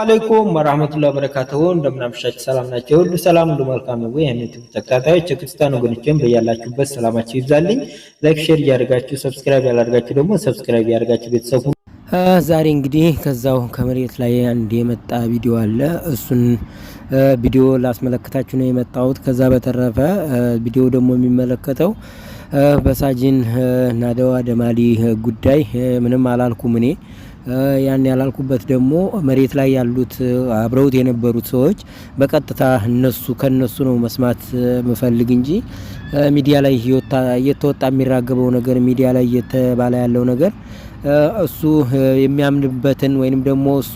አለይኩም ወራህመቱላሂ ወበረካቱሁ እንደምን አምሻችሁ ሰላም ናቸው ሁሉ ሰላም ሁሉ መልካም ነው ወይ የዩቲዩብ ተከታታዮች የክርስቲያን ወገኖቼም በያላችሁበት ሰላማችሁ ይብዛልኝ ላይክ ሼር እያደረጋችሁ ሰብስክራይብ ያላደረጋችሁ ደግሞ ሰብስክራይብ ያደረጋችሁ ቤተሰቡ። ዛሬ እንግዲህ ከዛው ከመሬት ላይ አንድ የመጣ ቪዲዮ አለ እሱን ቪዲዮ ላስመለከታችሁ ነው የመጣሁት ከዛ በተረፈ ቪዲዮ ደግሞ የሚመለከተው በሳጅን ናደዋ ደማሊ ጉዳይ ምንም አላልኩም እኔ ያን ያላልኩበት ደግሞ መሬት ላይ ያሉት አብረውት የነበሩት ሰዎች በቀጥታ እነሱ ከነሱ ነው መስማት ምፈልግ እንጂ ሚዲያ ላይ እየተወጣ የሚራገበው ነገር ሚዲያ ላይ እየተባለ ያለው ነገር እሱ የሚያምንበትን ወይንም ደግሞ እሱ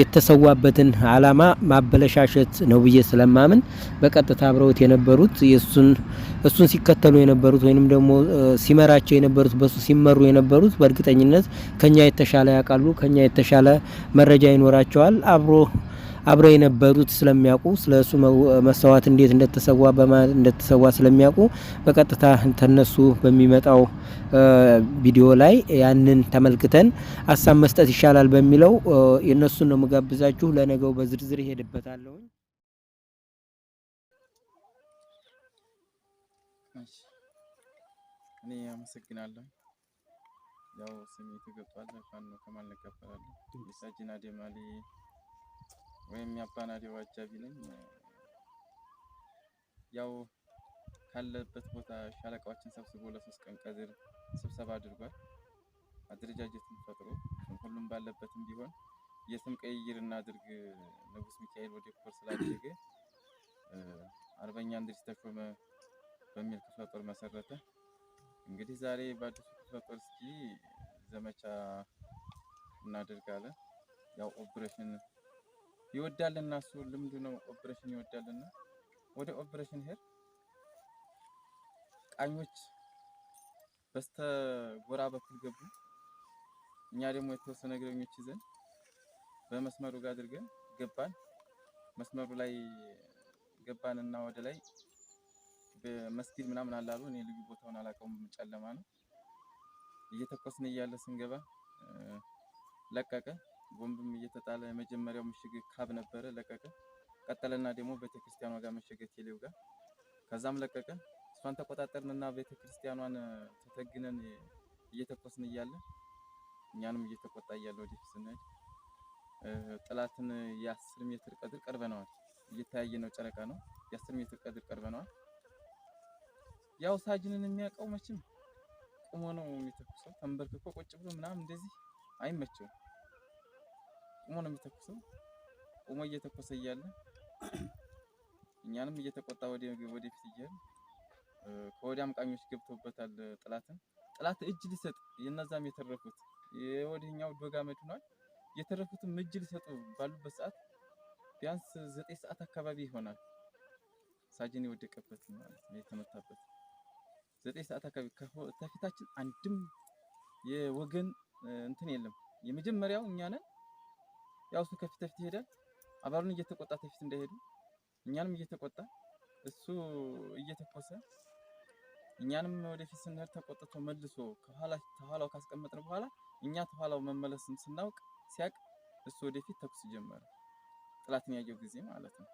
የተሰዋበትን አላማ ማበለሻሸት ነው ብዬ ስለማምን በቀጥታ አብረውት የነበሩት እሱን ሲከተሉ የነበሩት ወይንም ደግሞ ሲመራቸው የነበሩት በሱ ሲመሩ የነበሩት በእርግጠኝነት ከኛ የተሻለ ያውቃሉ፣ ከኛ የተሻለ መረጃ ይኖራቸዋል አብሮ አብረው የነበሩት ስለሚያውቁ ስለ እሱ መሰዋዕት እንዴት እንደተሰዋ በማለት እንደተሰዋ ስለሚያውቁ በቀጥታ ተነሱ በሚመጣው ቪዲዮ ላይ ያንን ተመልክተን ሀሳብ መስጠት ይሻላል በሚለው የእነሱን ነው ምጋብዛችሁ። ለነገው በዝርዝር ይሄድበታለሁ። እኔ አመሰግናለሁ። ያው ስሜ ተገብቷል። ፋኖ ከማን ነቀበላለሁ የሳጅን አደም ወይም የአባናዴው አጃቢ ነኝ። ያው ካለበት ቦታ ሻለቃዎችን ሰብስቦ ለሶስት ቀን ቀዝር ስብሰባ አድርጓል። አደረጃጀትን ፈጥሮ ሁሉም ባለበትም ቢሆን የስም ቀይር እናድርግ ንጉስ ሚካኤል ወደ ኮር ስላደረገ አርበኛ እንድሪስ ተሾመ በሚል ክፍለ ጦር መሰረተ። እንግዲህ ዛሬ በአዲሱ ክፍለ ጦር እስኪ ዘመቻ እናደርጋለን? ያው ኦፕሬሽን ይወዳልና እሱ ልምዱ ነው። ኦፕሬሽን ይወዳልና ወደ ኦፕሬሽን ሄድ። ቃኞች በስተጎራ በኩል ገቡ። እኛ ደግሞ የተወሰነ እግረኞች ይዘን በመስመሩ ጋር አድርገን ገባን። መስመሩ ላይ ገባንና ወደ ላይ በመስጊድ ምናምን አላሉ። እኔ ልዩ ቦታውን አላውቀውም፣ ጨለማ ነው። እየተኮስን እያለ ስንገባ ለቀቀ። ቦምብም እየተጣለ የመጀመሪያው ምሽግ ካብ ነበረ፣ ለቀቀ። ቀጠለና ደግሞ ቤተክርስቲያኗ ጋር መሸገ፣ ቴሌው ጋር ከዛም ለቀቀ። እሷን ተቆጣጠርንና ቤተክርስቲያኗን ተተግነን እየተኮስን እያለ እኛንም እየተቆጣ እያለ ወደ ስንሄድ ጥላትን የአስር ሜትር ቀድር ቀርበነዋል። እየተያየ ነው፣ ጨረቃ ነው። የአስር ሜትር ቀድር ቀርበነዋል። ያው ሳጅንን የሚያውቀው መቼም ቁሞ ነው የሚተኩሰው። ተንበርክኮ ቁጭ ብሎ ምናምን እንደዚህ አይመቸውም። ቁሞ ነው የሚተኩሰው። ቁሞ እየተኮሰ እያለ እኛንም እየተቆጣ ወደፊት እያለ ከወዲያ አምቃኞች ገብቶበታል ጥላትን ጥላት እጅ ሊሰጥ የነዛም የተረፉት የወዲህኛው ዶጋ መድኗል። የተረፉትም እጅ ሊሰጡ ባሉበት ሰዓት ቢያንስ ዘጠኝ ሰዓት አካባቢ ይሆናል። ሳጅን የወደቀበት ማለት ነው የተመታበት ዘጠኝ ሰዓት አካባቢ ከፊታችን አንድም የወገን እንትን የለም። የመጀመሪያው እኛ ነን። ያው እሱ ከፊት ለፊት ይሄዳል። አባሉን እየተቆጣ ተፊት እንዳይሄዱ እኛንም እየተቆጣ እሱ እየተኮሰ እኛንም ወደፊት ስንሄድ ተቆጥቶ መልሶ ከኋላው ካስቀመጥን በኋላ እኛ ተኋላው መመለስን ስናውቅ ሲያቅ እሱ ወደፊት ተኩስ ጀመረ። ጥላትን ያየው ጊዜ ማለት ነው።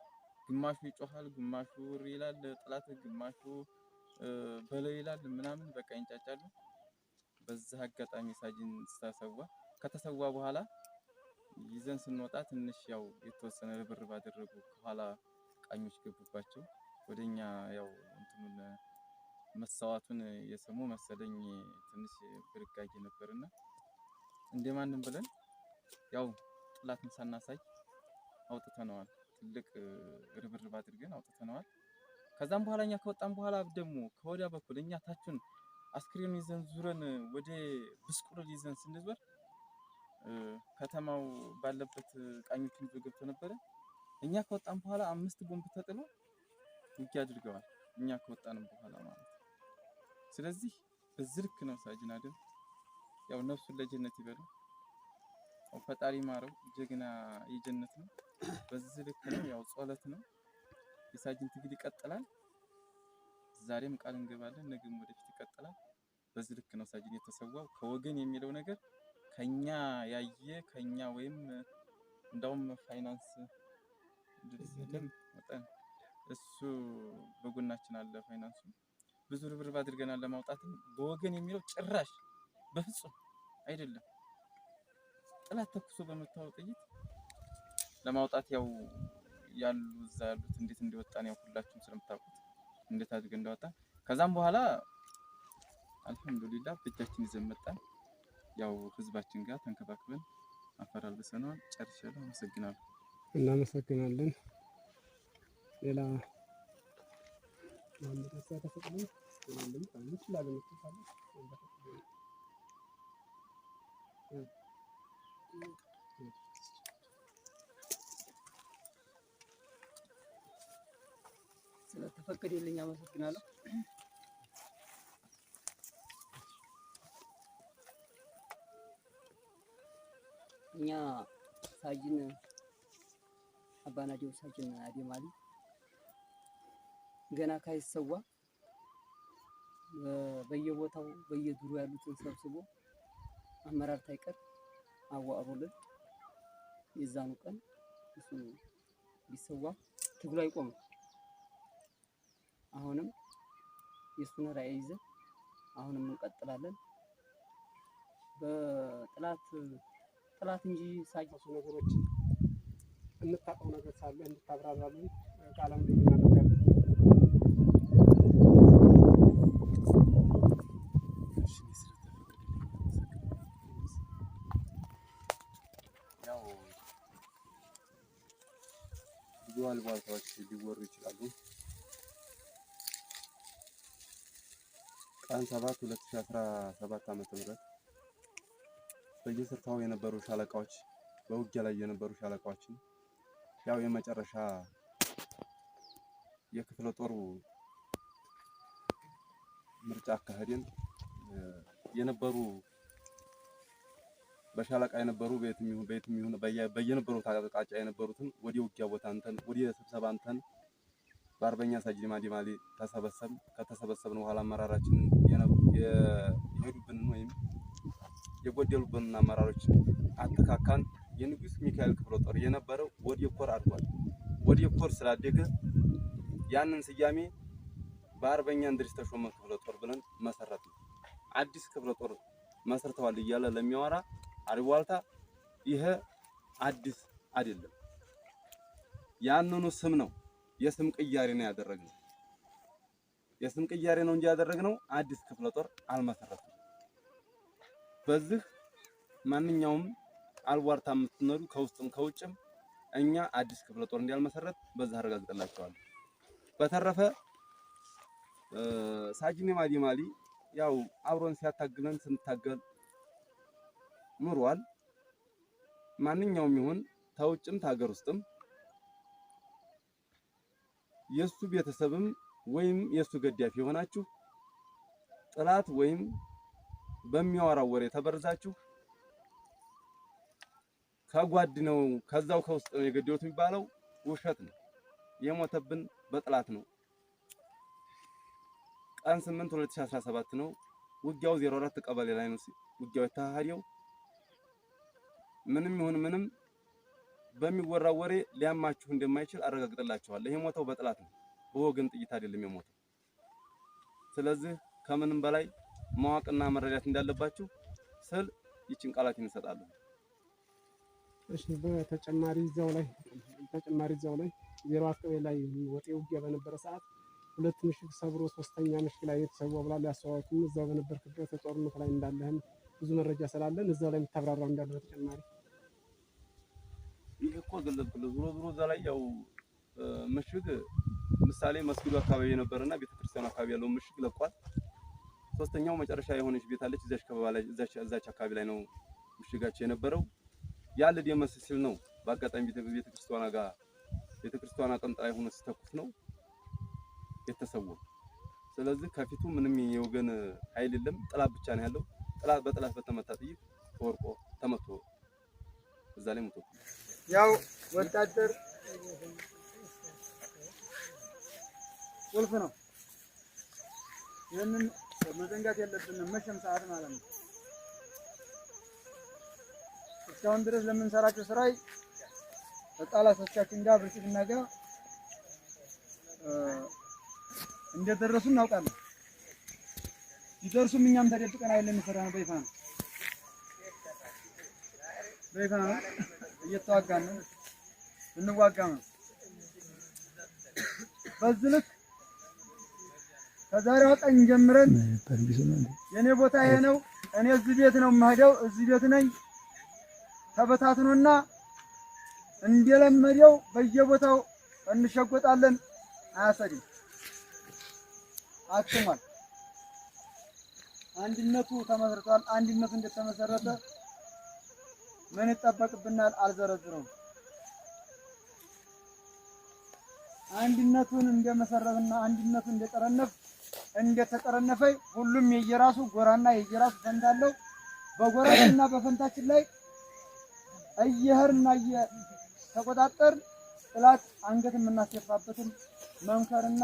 ግማሹ ይጮሃል፣ ግማሹ ር ይላል ጥላት፣ ግማሹ በለው ይላል ምናምን በቃ ይንጫጫሉ። በዛ አጋጣሚ ሳጅን ተሰዋ። ከተሰዋ በኋላ ይዘን ስንወጣ ትንሽ ያው የተወሰነ ርብርብ አደረጉ። ከኋላ ቃኞች ገቡባቸው። ወደኛ ያው እንትኑን መሰዋቱን የሰሙ መሰለኝ ትንሽ ብርጋጌ ነበርና እንደማንም ብለን ያው ጥላትን ሳናሳይ አውጥተነዋል። ትልቅ ርብርብ አድርገን አውጥተነዋል። ከዛም በኋላ እኛ ከወጣም በኋላ ደግሞ ከወዲያ በኩል እኛ ታችን አስክሬን ይዘን ዙረን ወደ ብስቁርል ይዘን ስንዞር ከተማው ባለበት ቃኞችን ይዞ ገብቶ ነበረ። እኛ ከወጣን በኋላ አምስት ቦምብ ተጥሎ ውጊያ አድርገዋል። እኛ ከወጣንም በኋላ ማለት ስለዚህ በዚህ ልክ ነው ሳጅን አደም ያው ነፍሱን ለጀነት ይበለው ፈጣሪ ማረው። ጀግና የጀነት ነው። በዚህ ልክ ነው ያው ጸሎት ነው። የሳጅን ትግል ይቀጥላል። ዛሬም ቃል እንገባለን፣ ነገም ወደፊት ይቀጥላል። በዚህ ልክ ነው ሳጅን የተሰዋው ከወገን የሚለው ነገር ከኛ ያየ ከኛ ወይም እንደውም ፋይናንስ ድርስልም መጠን እሱ በጎናችን አለ። ፋይናንሱ ብዙ ርብርብ አድርገናል ለማውጣትም። በወገን የሚለው ጭራሽ በፍጹም አይደለም። ጥላት ተኩሶ በመታው ጥይት ለማውጣት ያው ያሉ እዛ ያሉት እንዴት እንደወጣን ያው ሁላችሁም ስለምታውቁት እንዴት አድርገን እንዳወጣን ከዛም በኋላ አልሐምዱሊላህ ብቻችን ይዘን መጣን። ያው ህዝባችን ጋር ተንከባክበን አፈር አልብሰነዋል። ጨርሻለሁ። አመሰግናለሁ። እናመሰግናለን። ሌላ ስለተፈቀደልኝ አመሰግናለሁ። እኛ ሳጅን አባናጀው ሳጅን አደማሊ ገና ካይሰዋ በየቦታው በየዱሩ ያሉትን ሰብስቦ አመራር ታይቀር አዋቅሮልን የዛኑ ቀን እሱ ቢሰዋ ትግሉ አይቆምም። አሁንም የእሱን ራዕይ ይዘን አሁንም እንቀጥላለን በጥላት ጥላት እንጂ ነገሮች የምታውቀው ነገር ሳለ እንድታብራራሉ ቃለ ብዙ አልባልታዎች ሊወሩ ይችላሉ። ቀን ሰባት ሁለት ሺ አስራ ሰባት ዓመተ ምህረት በየስፍራው የነበሩ ሻለቃዎች በውጊያ ላይ የነበሩ ሻለቃዎችን ያው የመጨረሻ የክፍለ ጦሩ ምርጫ አካሄድን የነበሩ በሻለቃ የነበሩ በየትም ይሁን በየትም ይሁን በየነበሩት አቅጣጫ የነበሩትን ወደ ውጊያ ቦታ እንተን ወደ ስብሰባ እንተን በአርበኛ ሳጅ ዲማ ዲማሌ ተሰበሰብን። ከተሰበሰብን በኋላ አመራራችን የሄዱብንን ወይም የጎደሉብንን አመራሮች አተካካን። የንጉስ ሚካኤል ክፍለ ጦር የነበረው ወዲ ኮር አድጓል። ወዲ ኮር ስላደገ ያንን ስያሜ በአርበኛ እንድሪስ ተሾመ ክፍለ ጦር ብለን መሰረት ነው። አዲስ ክፍለ ጦር መስርተዋል እያለ ለሚያወራ አሪዋልታ ይሄ አዲስ አይደለም። ያንኑ ስም ነው የስም ቅያሬ ነው ያደረግነው። የስም ቅያሬ ነው እንጂ ያደረግነው አዲስ ክፍለ ጦር አልመሰረትም። በዚህ ማንኛውም አልዋርታ የምትኖሩ ከውስጥም ከውጭም እኛ አዲስ ክፍለ ጦር እንዲያልመሰረት በዛ አረጋግጠላቸዋል። በተረፈ ሳጅኔ ማዲ ማሊ ያው አብሮን ሲያታግለን ስንታገል ኑሯል። ማንኛውም ይሁን ከውጭም ታገር ውስጥም የሱ ቤተሰብም ወይም የሱ ገዳፊ የሆናችሁ ጥላት ወይም በሚያወራው ወሬ ተበርዛችሁ ከጓድ ነው ከዛው ከውስጥ ነው የገደሉት የሚባለው ውሸት ነው። የሞተብን በጥላት ነው። ቀን 8 2017 ነው ውጊያው 04 ቀበሌ ላይ ነው ውጊያው የተካሄደው። ምንም ይሁን ምንም በሚወራው ወሬ ሊያማችሁ እንደማይችል አረጋግጥላችኋለሁ። የሞተው በጥላት ነው፣ በወገን ጥይት አይደለም የሞተው። ስለዚህ ከምንም በላይ ማወቅና መረዳት እንዳለባችሁ ስል ይችን ቃላት እንሰጣለን። እሺ፣ በተጨማሪ እዛው ላይ ተጨማሪ እዛው ላይ ዜሮ አካባቢ ላይ ወጤ ውጊያ በነበረ ሰዓት ሁለት ምሽግ ሰብሮ ሶስተኛ ምሽግ ላይ የተሰዋ ብላ ያስተዋልኩኝ እዛ በነበርክበት ጦርነት ላይ እንዳለህም ብዙ መረጃ ስላለን እዛ ላይ የምታብራራው እንዳለ በተጨማሪ ይህ እኮ ገለጽኩልህ። ዞሮ ዞሮ እዛ ላይ ያው ምሽግ ምሳሌ መስጊዱ አካባቢ የነበረና ቤተክርስቲያኑ አካባቢ ያለውን ምሽግ ለቋል። ሶስተኛው መጨረሻ የሆነች ቤት አለች። እዛች ከበባ ላይ እዛች አካባቢ ላይ ነው ምሽጋቸው የነበረው። ያ ልደመስ ሲል ነው በአጋጣሚ ቤተ ክርስቲያኗ ጋር ቤተ ክርስቲያኗ ጠምጥራ የሆነ ሲተኩስ ነው የተሰወሩ። ስለዚህ ከፊቱ ምንም የወገን ኃይል የለም፣ ጥላት ብቻ ነው ያለው። ጥላት በጥላት በተመታ ጥይት ተወርቆ ተመቶ እዛ ላይ ሞቶ ያው ወታደር ቁልፍ ነው። መዘንጋት የለብንም መቼም ሰዓት ማለት ነው። እስካሁን ድረስ ለምንሰራቸው ስራ ከጠላቶቻችን ጋር ብልጽግና ጋር እንደደረሱ እናውቃለን። ሲደርሱም እኛም ተደብቀን አይደለም የሚሰራ ነው። በይፋ ነው በይፋ ነው እየተዋጋን ነው እንዋጋ ነው በዚህ ልክ ከዛሬው ቀን ጀምረን የኔ ቦታ ይሄ ነው፣ እኔ እዚህ ቤት ነው የማሄደው፣ እዚህ ቤት ነኝ። ተበታትኖና እንደለመደው በየቦታው እንሸጎጣለን። አያሰሪ አክሟል። አንድነቱ ተመስርቷል። አንድነቱ እንደተመሰረተ ምን ይጠበቅብናል? አልዘረዝረውም። አንድነቱን እንደመሰረትና አንድነቱን እንደጠረነፍ እንደተጠረነፈ ሁሉም የየራሱ ጎራና የየራሱ ፈንታ አለው። በጎራችንና በፈንታችን ላይ እየህርና እየተቆጣጠር ጥላት አንገት የምናስደፋበትን መምከርና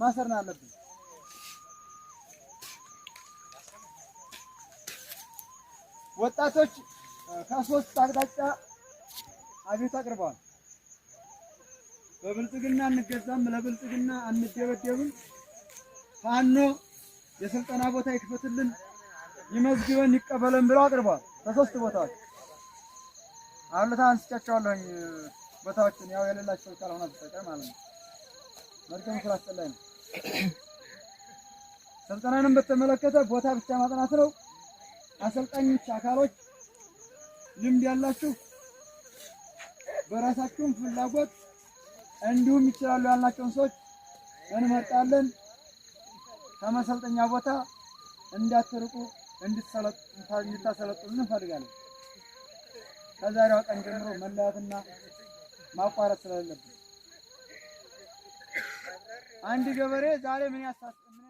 ማሰርን አለብን። ወጣቶች ከሶስት አቅጣጫ አቤት አቅርበዋል። በብልጽግና እንገዛም ለብልጽግና አንደበደብም ፋኖ የስልጠና ቦታ ይክፈትልን፣ ይመዝግበን፣ ይቀበለን ብለው አቅርቧል። ከሶስት ቦታዎች አሉታ አንስቻቸዋለሁኝ። ቦታዎችን ያው የሌላቸው ካልሆነ በስተቀር ማለት ነው። ስራ ስላስጠላኝ ነው። ስልጠናንም በተመለከተ ቦታ ብቻ ማጥናት ነው። አሰልጣኞች አካሎች ልምድ ያላችሁ በራሳችሁም ፍላጎት እንዲሁም ይችላሉ ያላቸውን ሰዎች እንመርጣለን። ከመሰልጠኛ ቦታ እንዳትርቁ እንድታሰለጥኑ እንፈልጋለን። ከዛሬዋ ቀን ጀምሮ መለያትና ማቋረጥ ስለሌለብን አንድ ገበሬ ዛሬ ምን ያሳስ ምን